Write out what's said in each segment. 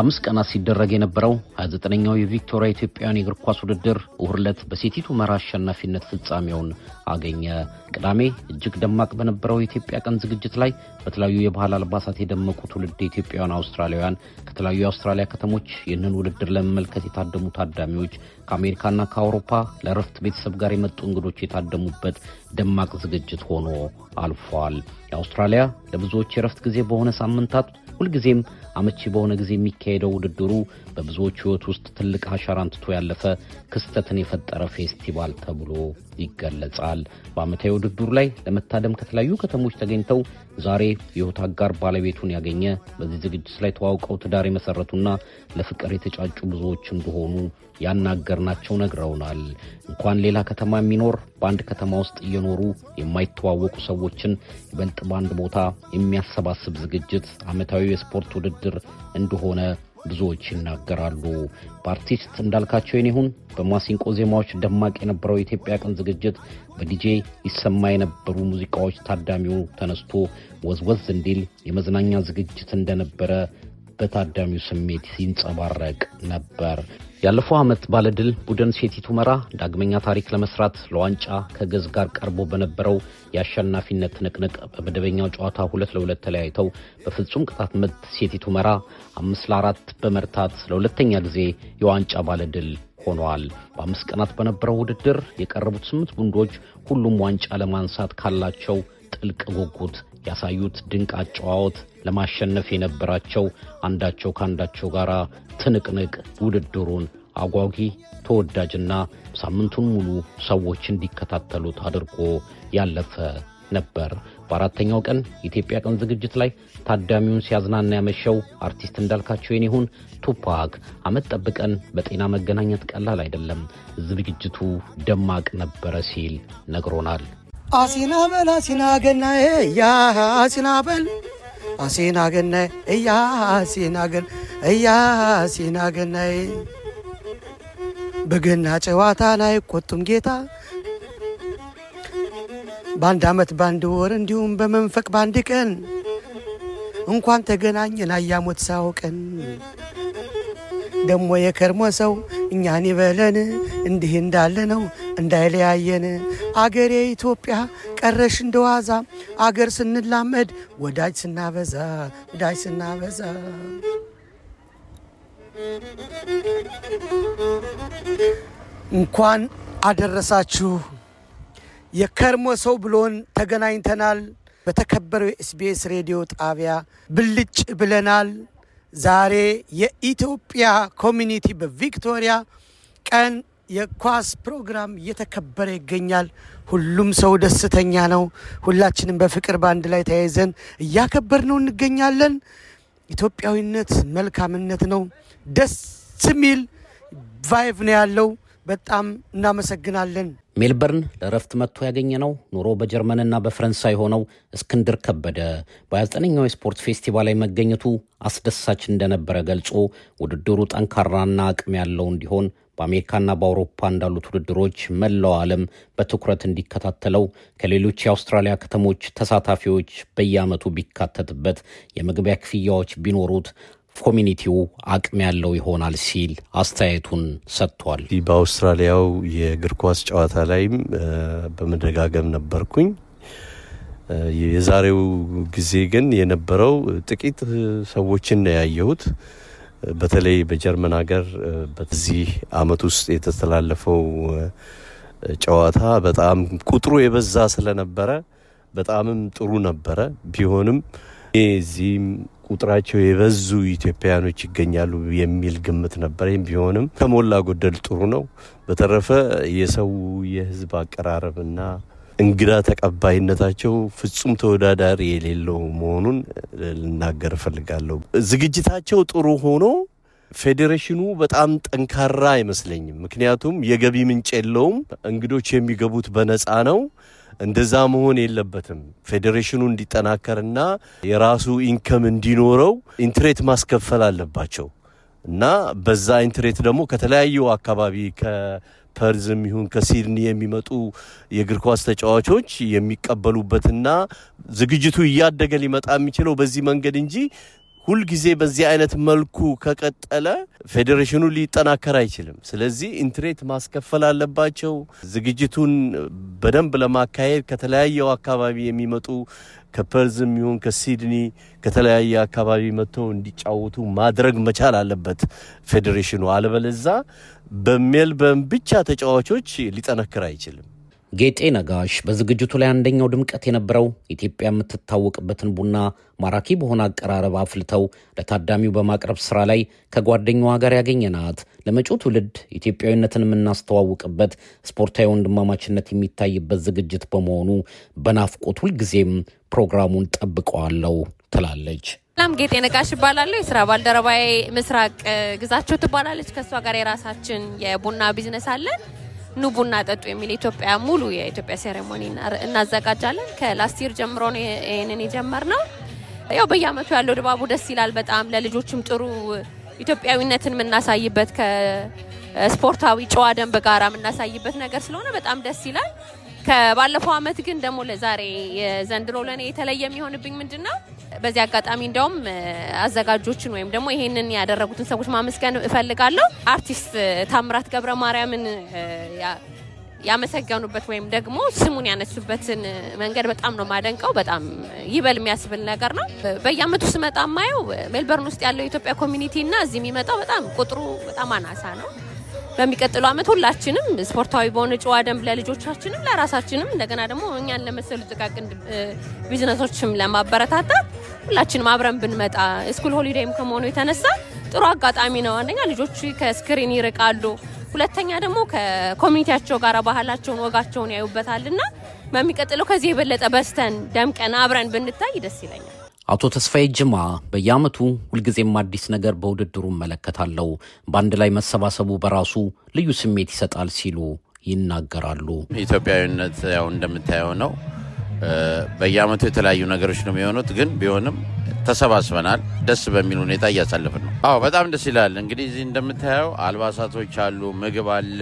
ለአምስት ቀናት ሲደረግ የነበረው 29ኛው የቪክቶሪያ ኢትዮጵያውያን የእግር ኳስ ውድድር እሁድ ዕለት በሴቲት አሸናፊነት ፍጻሜውን አገኘ። ቅዳሜ እጅግ ደማቅ በነበረው የኢትዮጵያ ቀን ዝግጅት ላይ በተለያዩ የባህል አልባሳት የደመቁ ትውልድ የኢትዮጵያውያን አውስትራሊያውያን ከተለያዩ የአውስትራሊያ ከተሞች ይህንን ውድድር ለመመልከት የታደሙ ታዳሚዎች ከአሜሪካና ከአውሮፓ ለእረፍት ቤተሰብ ጋር የመጡ እንግዶች የታደሙበት ደማቅ ዝግጅት ሆኖ አልፏል። የአውስትራሊያ ለብዙዎች የእረፍት ጊዜ በሆነ ሳምንታት ሁልጊዜም አመቺ በሆነ ጊዜ የሚካሄደው ውድድሩ በብዙዎች ሕይወት ውስጥ ትልቅ አሻራን ትቶ ያለፈ ክስተትን የፈጠረ ፌስቲቫል ተብሎ ይገለጻል። በአመታዊ ውድድሩ ላይ ለመታደም ከተለያዩ ከተሞች ተገኝተው ዛሬ የሕይወት አጋር ባለቤቱን ያገኘ በዚህ ዝግጅት ላይ ተዋውቀው ትዳር የመሰረቱና ለፍቅር የተጫጩ ብዙዎች እንደሆኑ ያናገርናቸው ነግረውናል። እንኳን ሌላ ከተማ የሚኖር በአንድ ከተማ ውስጥ እየኖሩ የማይተዋወቁ ሰዎችን ይበልጥ በአንድ ቦታ የሚያሰባስብ ዝግጅት አመታዊ የስፖርት ውድድር ውድድር እንደሆነ ብዙዎች ይናገራሉ። በአርቲስት እንዳልካቸው ይሁን በማሲንቆ ዜማዎች ደማቅ የነበረው የኢትዮጵያ ቀን ዝግጅት በዲጄ ይሰማ የነበሩ ሙዚቃዎች ታዳሚው ተነስቶ ወዝወዝ እንዲል የመዝናኛ ዝግጅት እንደነበረ በታዳሚው ስሜት ሲንጸባረቅ ነበር። ያለፈው ዓመት ባለድል ቡድን ሴቲቱ መራ ዳግመኛ ታሪክ ለመስራት ለዋንጫ ከገዝ ጋር ቀርቦ በነበረው የአሸናፊነት ትንቅንቅ በመደበኛው ጨዋታ ሁለት ለሁለት ተለያይተው በፍጹም ቅጣት ምት ሴቲቱ መራ አምስት ለአራት በመርታት ለሁለተኛ ጊዜ የዋንጫ ባለድል ሆኗል። በአምስት ቀናት በነበረው ውድድር የቀረቡት ስምንት ቡንዶች ሁሉም ዋንጫ ለማንሳት ካላቸው ጥልቅ ጉጉት ያሳዩት ድንቅ አጨዋወት ለማሸነፍ የነበራቸው አንዳቸው ከአንዳቸው ጋር ትንቅንቅ ውድድሩን አጓጊ ተወዳጅና ሳምንቱን ሙሉ ሰዎች እንዲከታተሉት አድርጎ ያለፈ ነበር። በአራተኛው ቀን ኢትዮጵያ ቀን ዝግጅት ላይ ታዳሚውን ሲያዝናና ያመሸው አርቲስት እንዳልካቸው የኔሁን ቱፓክ አመት ጠብቀን በጤና መገናኘት ቀላል አይደለም፣ ዝግጅቱ ደማቅ ነበረ ሲል ነግሮናል። አሲናበል አሲና ገናዬ ያ አሴናገናይ እያ አሴናገን እያ አሴናገናይ በገና ጨዋታ ናይ ቆጡም ጌታ በአንድ ዓመት በአንድ ወር እንዲሁም በመንፈቅ በአንድ ቀን እንኳን ተገናኘን አያሞት ሳውቀን ደግሞ የከርሞ ሰው እኛን ይበለን እንዲህ እንዳለ ነው እንዳይለያየን አገሬ ኢትዮጵያ ቀረሽ እንደዋዛ አገር ስንላመድ ወዳጅ ስናበዛ ወዳጅ ስናበዛ እንኳን አደረሳችሁ። የከርሞ ሰው ብሎን ተገናኝተናል። በተከበረው የኤስቢኤስ ሬዲዮ ጣቢያ ብልጭ ብለናል። ዛሬ የኢትዮጵያ ኮሚኒቲ በቪክቶሪያ ቀን የኳስ ፕሮግራም እየተከበረ ይገኛል። ሁሉም ሰው ደስተኛ ነው። ሁላችንም በፍቅር በአንድ ላይ ተያይዘን እያከበር ነው እንገኛለን። ኢትዮጵያዊነት መልካምነት ነው። ደስ የሚል ቫይቭ ነው ያለው። በጣም እናመሰግናለን። ሜልበርን ለእረፍት መጥቶ ነው ኑሮ በጀርመንና በፈረንሳይ ሆነው እስክንድር ከበደ በ29ኛው የስፖርት ፌስቲቫል ላይ መገኘቱ አስደሳች እንደነበረ ገልጾ ውድድሩ ጠንካራና አቅም ያለው እንዲሆን በአሜሪካና በአውሮፓ እንዳሉት ውድድሮች መላው ዓለም በትኩረት እንዲከታተለው ከሌሎች የአውስትራሊያ ከተሞች ተሳታፊዎች በየዓመቱ ቢካተትበት የመግቢያ ክፍያዎች ቢኖሩት ኮሚኒቲው አቅም ያለው ይሆናል ሲል አስተያየቱን ሰጥቷል። በአውስትራሊያው የእግር ኳስ ጨዋታ ላይም በመደጋገም ነበርኩኝ። የዛሬው ጊዜ ግን የነበረው ጥቂት ሰዎችን ነው ያየሁት። በተለይ በጀርመን ሀገር በዚህ አመት ውስጥ የተተላለፈው ጨዋታ በጣም ቁጥሩ የበዛ ስለነበረ በጣምም ጥሩ ነበረ። ቢሆንም እዚህም ቁጥራቸው የበዙ ኢትዮጵያውያኖች ይገኛሉ የሚል ግምት ነበረ። ቢሆንም ከሞላ ጎደል ጥሩ ነው። በተረፈ የሰው የህዝብ አቀራረብና እንግዳ ተቀባይነታቸው ፍጹም ተወዳዳሪ የሌለው መሆኑን ልናገር እፈልጋለሁ። ዝግጅታቸው ጥሩ ሆኖ ፌዴሬሽኑ በጣም ጠንካራ አይመስለኝም። ምክንያቱም የገቢ ምንጭ የለውም። እንግዶች የሚገቡት በነፃ ነው። እንደዛ መሆን የለበትም። ፌዴሬሽኑ እንዲጠናከርና የራሱ ኢንከም እንዲኖረው ኢንትሬት ማስከፈል አለባቸው እና በዛ ኢንትሬት ደግሞ ከተለያዩ አካባቢ ከፐርዝም ይሁን ከሲድኒ የሚመጡ የእግር ኳስ ተጫዋቾች የሚቀበሉበትና ዝግጅቱ እያደገ ሊመጣ የሚችለው በዚህ መንገድ እንጂ ሁልጊዜ በዚህ አይነት መልኩ ከቀጠለ ፌዴሬሽኑ ሊጠናከር አይችልም። ስለዚህ ኢንትሬት ማስከፈል አለባቸው። ዝግጅቱን በደንብ ለማካሄድ ከተለያየው አካባቢ የሚመጡ ከፐርዝም ይሁን ከሲድኒ ከተለያየ አካባቢ መጥተው እንዲጫወቱ ማድረግ መቻል አለበት ፌዴሬሽኑ። አለበለዛ በሜልበርን ብቻ ተጫዋቾች ሊጠነክር አይችልም። ጌጤ ነጋሽ በዝግጅቱ ላይ አንደኛው ድምቀት የነበረው ኢትዮጵያ የምትታወቅበትን ቡና ማራኪ በሆነ አቀራረብ አፍልተው ለታዳሚው በማቅረብ ስራ ላይ ከጓደኛዋ ጋር ያገኘናት ለመጪው ትውልድ ኢትዮጵያዊነትን የምናስተዋውቅበት ስፖርታዊ ወንድማማችነት የሚታይበት ዝግጅት በመሆኑ በናፍቆት ሁልጊዜም ፕሮግራሙን ጠብቀዋለሁ ትላለች። ሰላም ጌጤ ነጋሽ ይባላለሁ። የስራ ባልደረባዬ ምስራቅ ግዛቸው ትባላለች። ከእሷ ጋር የራሳችን የቡና ቢዝነስ አለን። ኑ ቡና ጠጡ የሚል ኢትዮጵያ ሙሉ የኢትዮጵያ ሴሬሞኒ እናዘጋጃለን። ከላስቲር ጀምሮ ነው ይህንን የጀመርነው። ያው በየአመቱ ያለው ድባቡ ደስ ይላል በጣም ለልጆችም ጥሩ ኢትዮጵያዊነትን የምናሳይበት ከስፖርታዊ ጨዋ ደንብ ጋር የምናሳይበት ነገር ስለሆነ በጣም ደስ ይላል። ከባለፈው አመት ግን ደግሞ ለዛሬ ዘንድሮ ለእኔ የተለየ የሚሆንብኝ ምንድን ነው? በዚህ አጋጣሚ እንደውም አዘጋጆችን ወይም ደግሞ ይሄንን ያደረጉትን ሰዎች ማመስገን እፈልጋለሁ። አርቲስት ታምራት ገብረ ማርያምን ያመሰገኑበት ወይም ደግሞ ስሙን ያነሱበትን መንገድ በጣም ነው ማደንቀው። በጣም ይበል የሚያስብል ነገር ነው። በየአመቱ ስመጣ ማየው ሜልበርን ውስጥ ያለው የኢትዮጵያ ኮሚኒቲ እና እዚህ የሚመጣው በጣም ቁጥሩ በጣም አናሳ ነው። በሚቀጥለው ዓመት ሁላችንም ስፖርታዊ በሆነ ጨዋ ደንብ ለልጆቻችንም ለራሳችንም እንደገና ደግሞ እኛን ለመሰሉ ጥቃቅን ቢዝነሶችም ለማበረታታት ሁላችንም አብረን ብንመጣ ስኩል ሆሊዴይም ከመሆኑ የተነሳ ጥሩ አጋጣሚ ነው። አንደኛ ልጆች ከስክሪን ይርቃሉ፣ ሁለተኛ ደግሞ ከኮሚኒቲያቸው ጋር ባህላቸውን ወጋቸውን ያዩበታልና በሚቀጥለው ከዚህ የበለጠ በስተን ደምቀን አብረን ብንታይ ደስ ይለኛል። አቶ ተስፋዬ ጅማ በየአመቱ ሁልጊዜም አዲስ ነገር በውድድሩ እመለከታለሁ። በአንድ ላይ መሰባሰቡ በራሱ ልዩ ስሜት ይሰጣል ሲሉ ይናገራሉ። ኢትዮጵያዊነት ያው እንደምታየው ነው። በየአመቱ የተለያዩ ነገሮች ነው የሚሆኑት፣ ግን ቢሆንም ተሰባስበናል። ደስ በሚል ሁኔታ እያሳለፍን ነው። አዎ በጣም ደስ ይላል። እንግዲህ እዚህ እንደምታየው አልባሳቶች አሉ፣ ምግብ አለ፣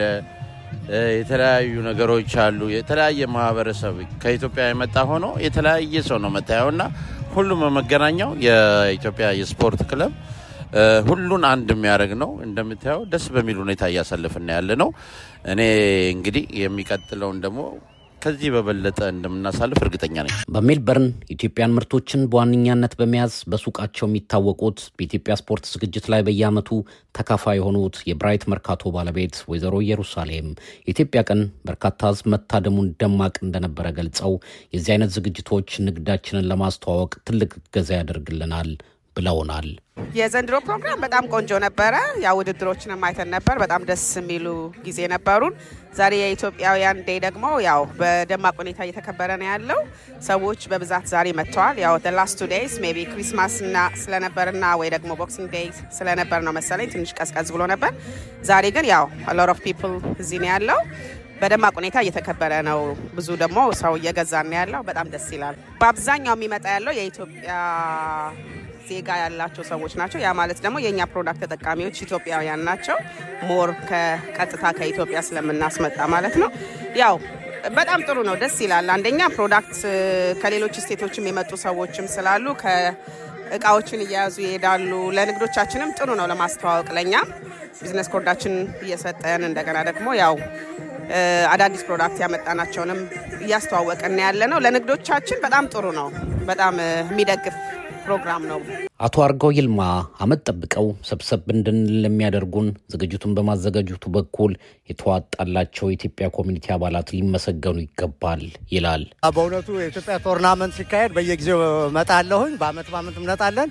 የተለያዩ ነገሮች አሉ። የተለያየ ማህበረሰብ ከኢትዮጵያ የመጣ ሆኖ የተለያየ ሰው ነው መታየውና ሁሉም መገናኛው የኢትዮጵያ የስፖርት ክለብ ሁሉን አንድ የሚያደርግ ነው። እንደምታየው ደስ በሚል ሁኔታ እያሳለፍና ያለ ነው። እኔ እንግዲህ የሚቀጥለውን ደግሞ ከዚህ በበለጠ እንደምናሳልፍ እርግጠኛ ነኝ። በሜልበርን ኢትዮጵያን ምርቶችን በዋነኛነት በመያዝ በሱቃቸው የሚታወቁት በኢትዮጵያ ስፖርት ዝግጅት ላይ በየዓመቱ ተካፋ የሆኑት የብራይት መርካቶ ባለቤት ወይዘሮ ኢየሩሳሌም የኢትዮጵያ ቀን በርካታ ሕዝብ መታደሙን ደማቅ እንደነበረ ገልጸው የዚህ አይነት ዝግጅቶች ንግዳችንን ለማስተዋወቅ ትልቅ እገዛ ያደርግልናል ብለውናል። የዘንድሮ ፕሮግራም በጣም ቆንጆ ነበረ። ያ ውድድሮችንም አይተን ነበር። በጣም ደስ የሚሉ ጊዜ ነበሩን። ዛሬ የኢትዮጵያውያን ዴይ ደግሞ ያው በደማቅ ሁኔታ እየተከበረ ነው ያለው። ሰዎች በብዛት ዛሬ መጥተዋል። ያው ላስት ቱ ዴይስ ሜይ ቢ ክሪስማስ ስለነበርና ወይ ደግሞ ቦክሲንግ ዴይ ስለነበር ነው መሰለኝ ትንሽ ቀዝቀዝ ብሎ ነበር። ዛሬ ግን ያው ሎት ኦፍ ፒፕል እዚህ ነው ያለው በደማቅ ሁኔታ እየተከበረ ነው። ብዙ ደግሞ ሰው እየገዛ ነው ያለው። በጣም ደስ ይላል። በአብዛኛው የሚመጣ ያለው የኢትዮጵያ ዜጋ ያላቸው ሰዎች ናቸው። ያ ማለት ደግሞ የእኛ ፕሮዳክት ተጠቃሚዎች ኢትዮጵያውያን ናቸው። ሞር ከቀጥታ ከኢትዮጵያ ስለምናስመጣ ማለት ነው። ያው በጣም ጥሩ ነው፣ ደስ ይላል። አንደኛ ፕሮዳክት ከሌሎች ስቴቶችም የመጡ ሰዎችም ስላሉ እቃዎችን እየያዙ ይሄዳሉ። ለንግዶቻችንም ጥሩ ነው ለማስተዋወቅ ለኛ ቢዝነስ ኮርዳችን እየሰጠን እንደገና ደግሞ ያው አዳዲስ ፕሮዳክት ያመጣናቸውንም እያስተዋወቅን ያለ ነው። ለንግዶቻችን በጣም ጥሩ ነው። በጣም የሚደግፍ ፕሮግራም ነው። አቶ አርጋው ይልማ አመት ጠብቀው ሰብሰብ እንድንል የሚያደርጉን ዝግጅቱን በማዘጋጀቱ በኩል የተዋጣላቸው የኢትዮጵያ ኮሚኒቲ አባላት ሊመሰገኑ ይገባል ይላል። በእውነቱ የኢትዮጵያ ቶርናመንት ሲካሄድ በየጊዜው መጣለሁኝ። በአመት በአመት እመጣለን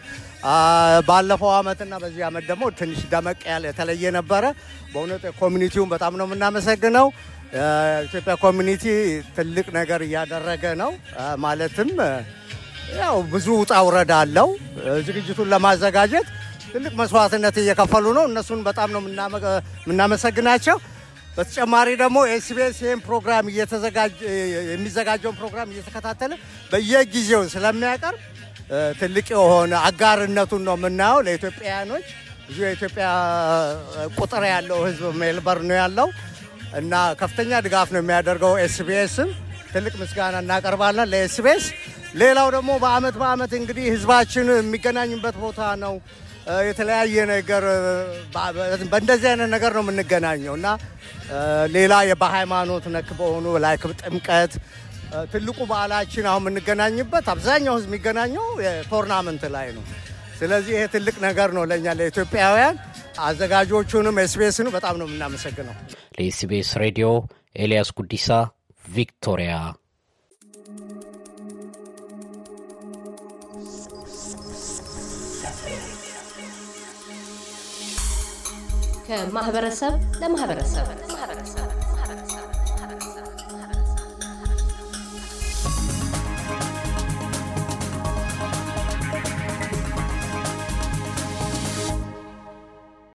ባለፈው አመትና በዚህ አመት ደግሞ ትንሽ ደመቅ ያለ የተለየ ነበረ። በእውነቱ ኮሚኒቲውን በጣም ነው የምናመሰግነው። ኢትዮጵያ ኮሚኒቲ ትልቅ ነገር እያደረገ ነው ማለትም ያው ብዙ ውጣ ውረድ አለው። ዝግጅቱን ለማዘጋጀት ትልቅ መስዋዕትነት እየከፈሉ ነው። እነሱን በጣም ነው የምናመሰግናቸው። በተጨማሪ ደግሞ ኤስቢኤስ ይህን ፕሮግራም የሚዘጋጀውን ፕሮግራም እየተከታተለ በየጊዜው ስለሚያቀርብ ትልቅ የሆነ አጋርነቱን ነው የምናየው። ለኢትዮጵያውያኖች ብዙ የኢትዮጵያ ቁጥር ያለው ሕዝብ ሜልበር ነው ያለው እና ከፍተኛ ድጋፍ ነው የሚያደርገው። ኤስቢኤስም ትልቅ ምስጋና እናቀርባለን ለኤስቢኤስ። ሌላው ደግሞ በአመት በአመት እንግዲህ ህዝባችን የሚገናኝበት ቦታ ነው። የተለያየ ነገር በእንደዚህ አይነት ነገር ነው የምንገናኘው እና ሌላ በሃይማኖት ነክ በሆኑ ላይክ ጥምቀት ትልቁ በዓላችን አሁን የምንገናኝበት አብዛኛው ህዝብ የሚገናኘው ቶርናመንት ላይ ነው። ስለዚህ ይሄ ትልቅ ነገር ነው ለእኛ ለኢትዮጵያውያን። አዘጋጆቹንም ኤስቢኤስን በጣም ነው የምናመሰግነው። ለኤስቢኤስ ሬዲዮ ኤልያስ ጉዲሳ ቪክቶሪያ ከማህበረሰብ ለማህበረሰብ